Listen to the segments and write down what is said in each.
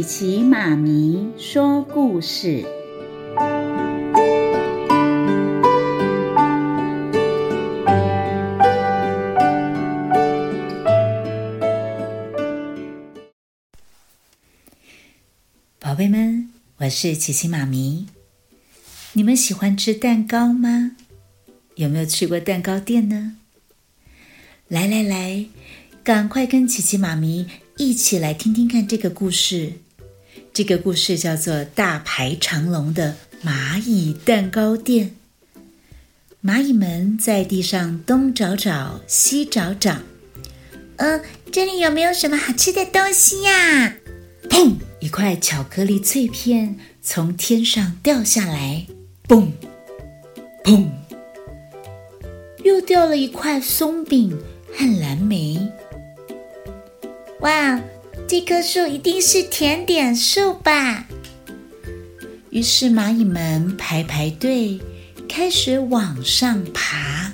琪琪媽咪說故事，寶貝們，我是琪琪媽咪。你們喜歡吃蛋糕嗎？有沒有去過蛋糕店呢？來來來，趕快跟琪琪媽咪一起來聽聽看這個故事。這個故事叫做《大排長龍的螞蟻蛋糕店》。螞蟻們在地上東找找，西找找。嗯，這裡有沒有什麼好吃的東西呀、啊？砰！一塊巧克力脆片從天上掉下來。砰！砰！又掉了一塊鬆餅和藍莓。哇！這棵樹一定是甜點樹吧？於是螞蟻們排排隊，開始往上爬。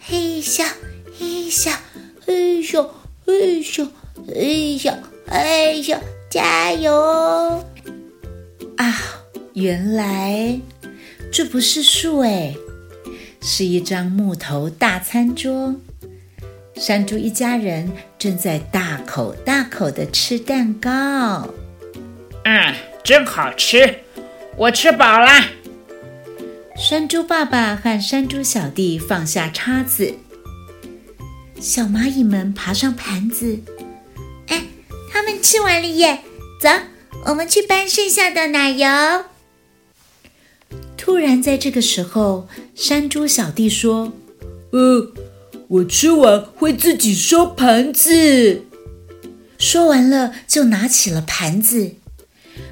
嘿咻！嘿咻！嘿咻！嘿咻！嘿咻！嘿咻！加油！啊，原來這不是樹誒，是一張木頭大餐桌。山豬一家人，正在大口大口的吃蛋糕，嗯，真好吃，我吃飽了。山豬爸爸和山豬小弟放下叉子，小螞蟻們爬上盤子，哎，他們吃完了耶，走，我們去搬剩下的奶油。突然，在這個時候，山豬小弟說：“哦、呃！”我吃完會自己收盤子。說完了就拿起了盤子。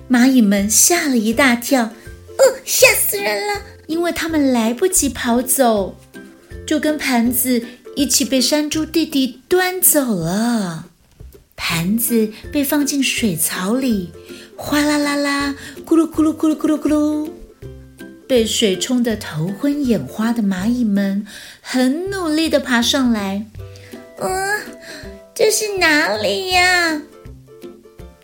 螞蟻們嚇了一大跳，哦，嚇死人了！因為他們來不及跑走，就跟盤子一起被山豬弟弟端走了。盤子被放進水槽裡，嘩啦啦啦，咕嚕咕嚕咕嚕咕嚕咕嚕。被水沖得頭昏眼花的螞蟻們很努力地爬上來。啊，這是哪裡呀？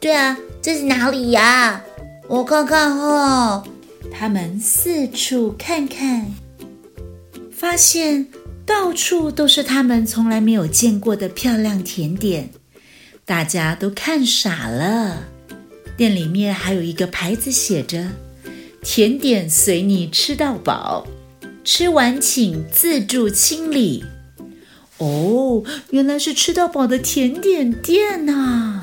對啊，這是哪裡呀？我看看哈、哦。他們四處看看，發現到處都是他們從來沒有見過的漂亮甜點，大家都看傻了。店裡面還有一個牌子寫着。甜點隨你吃到飽，吃完請自助清理。哦，原來是吃到飽的甜點店吶、啊！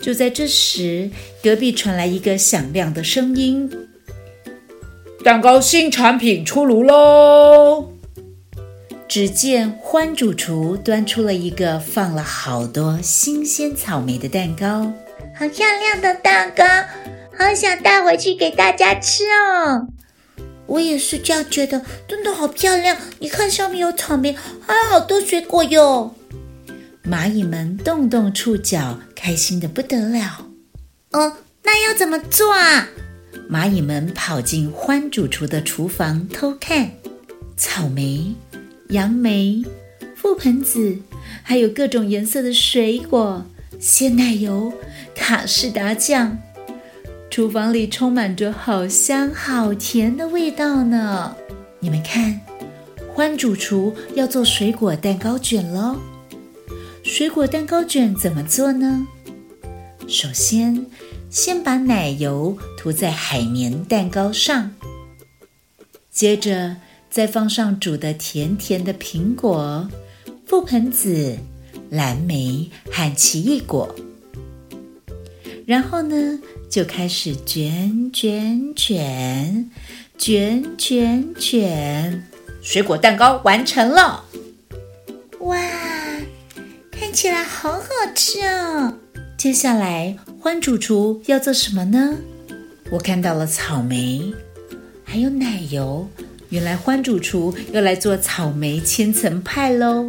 就在這時，隔壁傳來一個響亮的聲音：“蛋糕新產品出爐嘍！”只見獾主廚端出了一個放了好多新鮮草莓的蛋糕，好漂亮的蛋糕！好想帶回去給大家吃哦！我也是這樣覺得，真的好漂亮！你看，上面有草莓，還有好多水果喲。螞蟻們動動觸角，開心得不得了。嗯，那要怎麼做啊？螞蟻們跑進歡主廚的廚房偷看，草莓、楊梅、覆盆子，還有各種顏色的水果、鮮奶油、卡士達醬。廚房裡充滿着好香好甜的味道呢。你們看，歡主廚要做水果蛋糕卷嘍。水果蛋糕卷怎麼做呢？首先，先把奶油塗在海綿蛋糕上，接着再放上煮的甜甜的蘋果、覆盆子、藍莓和奇異果。然後呢，就開始卷卷卷卷卷卷，水果蛋糕完成了！哇，看起來好好吃哦！接下來歡主廚要做什麼呢？我看到了草莓，還有奶油，原來歡主廚要來做草莓千層派嘍！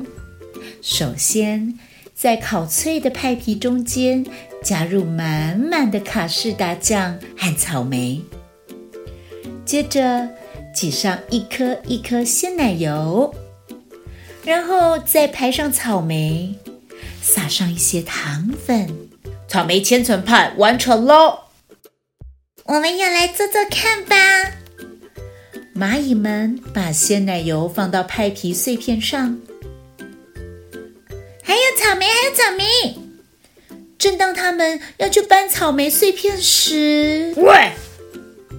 首先，在烤脆的派皮中間。加入滿滿的卡士達醬和草莓，接着擠上一顆一顆鮮奶油，然後再排上草莓，撒上一些糖粉，草莓千層派完成嘍！我們要來做做看吧！螞蟻們把鮮奶油放到派皮碎片上，還有草莓，還有草莓。正當他們要去搬草莓碎片時，喂！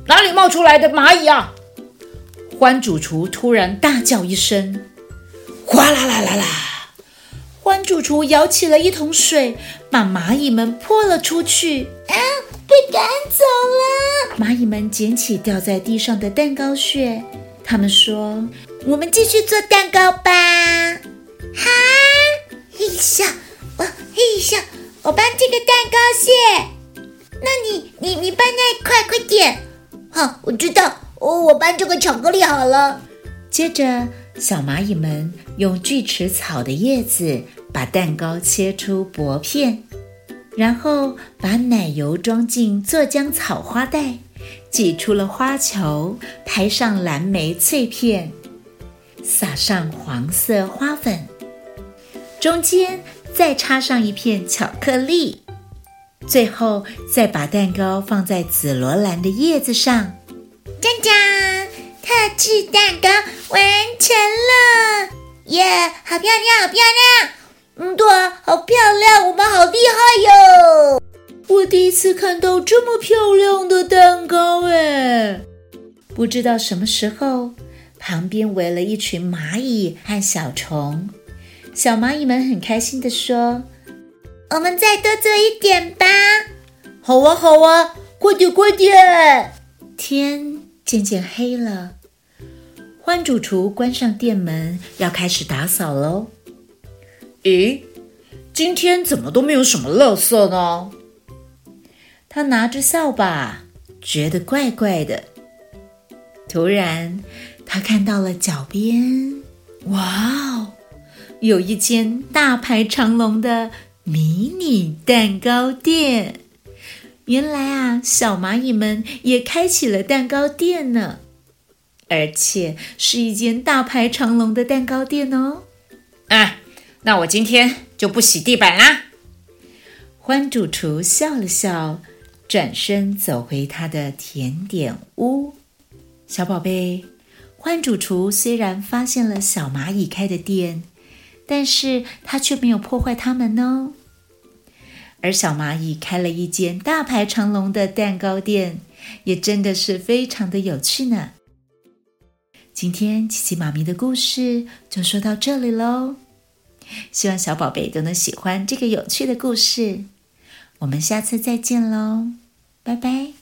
哪裡冒出來的螞蟻啊？歡主廚突然大叫一聲，嘩啦啦啦啦！歡主廚舀起了一桶水，把螞蟻們潑了出去。啊！被趕走了！螞蟻們撿起掉在地上的蛋糕屑，他們說：“我們繼續做蛋糕吧。”哈！嘿咻，哦，嘿咻。我搬這個蛋糕屑，那你你你搬那一塊，快點！好，我知道，我我搬這個巧克力好了。接着，小螞蟻們用鋸齒草的葉子把蛋糕切出薄片，然後把奶油裝進酢漿草花袋，擠出了花球，拍上藍莓脆片，撒上黃色花粉，中間。再插上一片巧克力，最後再把蛋糕放在紫羅蘭的葉子上。嘉嘉，特製蛋糕完成了！耶，好漂亮，好漂亮！嗯，對啊，好漂亮！我們好厲害喲！我第一次看到這麼漂亮的蛋糕哎！不知道什麼時候，旁邊圍了一群螞蟻和小蟲。小螞蟻們很開心的說：“我們再多做一點吧。好啊”“好哇，好哇，快點，快點！”天漸漸黑了，獾主廚關上店門，要開始打掃嘍。咦，今天怎麼都沒有什麼垃圾？呢他拿着掃把，覺得怪怪的。突然，他看到了腳邊，哇哦！有一間大排長龍的迷你蛋糕店，原來啊,小螞蟻們也開起了蛋糕店呢,而且是一間大排長龍的蛋糕店哦。啊,那我今天就不洗地板啦、啊。歡主廚笑了笑,轉身走回他的甜點屋。小寶貝,歡主廚雖然發現了小螞蟻開的店。但是它卻沒有破壞它們哦，而小螞蟻開了一間大排長龍的蛋糕店，也真的是非常的有趣呢。今天琪琪媽咪的故事就說到這裡嘍，希望小寶貝都能喜歡這個有趣的故事。我們下次再見嘍，拜拜。